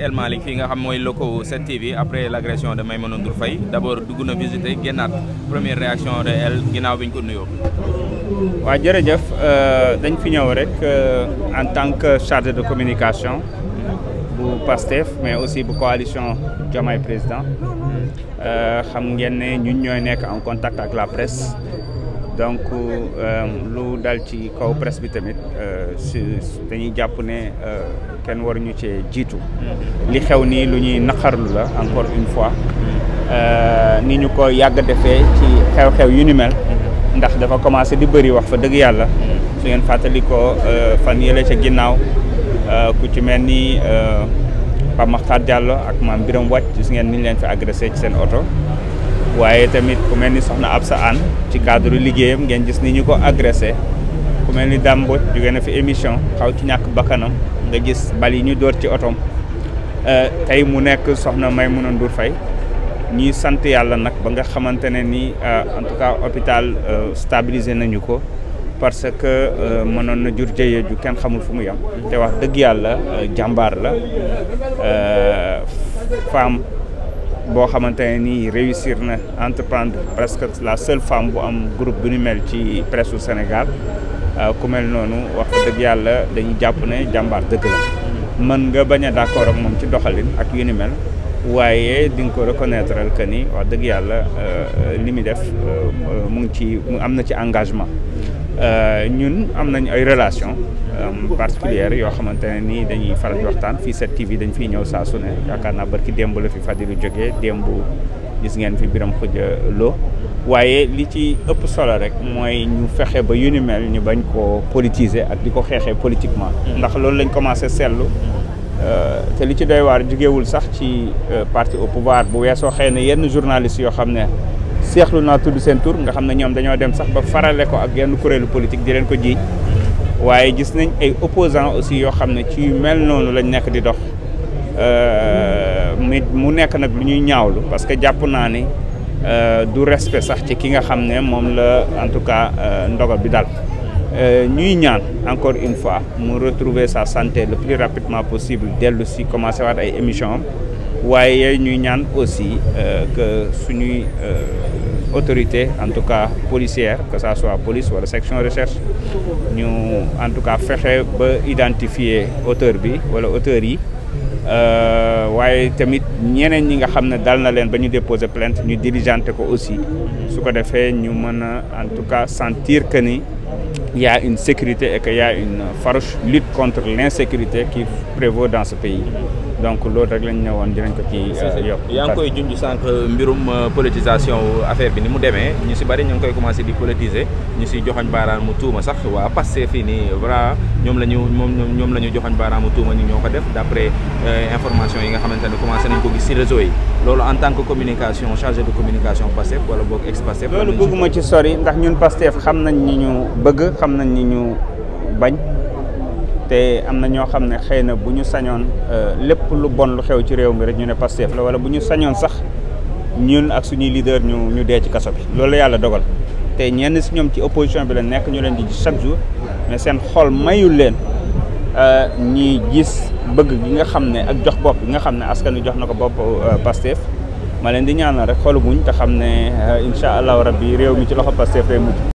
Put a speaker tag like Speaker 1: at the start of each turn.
Speaker 1: El Malik fi nga xam moy cette 7TV après l'agression de Maimouna Ndour Faye d'abord abord visiter gennat première réaction de El ginaaw biñ ko nuyo
Speaker 2: wa waaw euh dañ fi ñew rek euh, en tant que chargé de communication bu PASTEF mais aussi bu coalition Diomaye Président hmm. euh, xam ngeen ne ñun ñoy en contact avec la presse. donc euh, lu dal ci kaw presse bi tamit euh, si dañuy jàpp ne euh, kenn waruñu cee jiitu mm-hmm. li xew nii lu ñuy naqarlu la encore une fois mm-hmm. ni ñu ko yàgg defee ci xew-xew yu ni mel mm-hmm. ndax dafa commencé di bëri wax fa dëgg yàlla su ngeen fàttali fan yële ca ginnaaw ku ci mel ni Pape Makhtar Diallo ak maam Biram Wàcc gis ngeen ni ñu leen fi agressé ci seen oto waaye tamit ku mel ni soxna ab sa Anne ci cadre liggéeyam ngeen gis ni ñu ko agressé ku mel ni Dame Mbodj jóge na fi émission xaw ci ñàkk bakkanam nga gis bal ñu dóor ci otoom euh, tey mu nekk soxna Maimouna Ndour Faye ñi sant yàlla nag ba nga xamante ne ni euh, en tout cas hôpital euh, stabiliser nañu ko parce que mënoon na jur jëye ju kenn xamul fu mu yam te wax dëgg yàlla jàmbaar la femme boo xamante ne nii réussir na entreprendre presque la seule femme bu am groupe bu ñu mel ci presse Sénégal euh, ku mel noonu wax dëgg yàlla dañuy jàpp ne jàmbaar dëgg la mën nga bañ a d'accord ak moom ci doxalin ak yu ni mel waaye di nga ko reconnaître que ni wax dëgg yàlla euh, li muy def euh, mu ngi mu am na ci engagement Euh, ñun am nañ ay relation euh, particulière yoo xamante ne nii dañuy faral di waxtaan fii 7TV dañ fiy ñëw saa su ne yaakaar naa barki démb la fi Fadilou jógee démb gis ngeen fi biram xuja loo waaye li ci ëpp solo rek mooy ñu fexe ba yu ni mel ñu bañ koo politiser ak di ko xeexee politiquement mm-hmm. ndax loolu lañ commencé seetlu euh, te li ci doy waar jógewul sax ci parti au pouvoir bu weesoo xëy na yenn journalistes yoo xam ne Nous naa tudd sen tour nga dem sax ba ko ak politique di ko opposants aussi ci mel lañ di euh, parce que japp euh, du respect sax ci ki nga en tout cas euh, ndogal bi dal ñuy encore une fois mu retrouver sa santé le plus rapidement possible dès si commencé waat ay émission nous ñuy aussi euh, que suñuy euh, autorité en tout cas policière que ce soit police ou la section recherche nous en tout cas identifier l'auteur ou wala auteur yi waaye tamit ñeneen déposer plainte nous diligenté aussi Ce qui fait ñu en tout cas euh, sentir qu'il y a une sécurité et qu'il y a une farouche lutte contre l'insécurité qui prévaut dans ce pays donc loolu rek lañ ñëwoon woon ko ci euh, yokk yaa ngi
Speaker 1: koy junj sànq mbirum euh, politisation affaire bi ni mu demee ñu si bari ñu ngi koy commencé di politiser ñu si joxoñ baaraam mu tuuma sax waa passé fii nii voilà ñoom la ñu moom ñoom la ñu joxoñ baaraam mu tuuma ñu ñoo ko def d' après euh, information yi nga xamante ne commencé nañ ko gis si réseau yi loolu en tant que communication chargé de communication Pastef wala boog ex Pastef loolu bëgguma
Speaker 2: ci sori ndax ñun Pastef xam nañ ñu bëgg te am na ñoo xam ne xëy na bu ñu sañoon euh, lépp lu bon lu xew ci réew mi rek ñu ne Pastef la wala bu ñu sañoon sax ñun ak suñuy leader ñu ñu dee ci kaso bi loolu la yàlla dogal te ñenn si ñoom ci opposition bi la nekk ñu leen di gis chaque jour mais seen xol mayul leen euh, ñi gis bëgg gi nga xam ne ak jox bopp gi nga xam ne askan wi jox na ko bopp euh, Pastef ma leen di ñaanal rek xolu muñ te xam ne incha allahu rabbi réew mi ci loxo Pastef lay mujj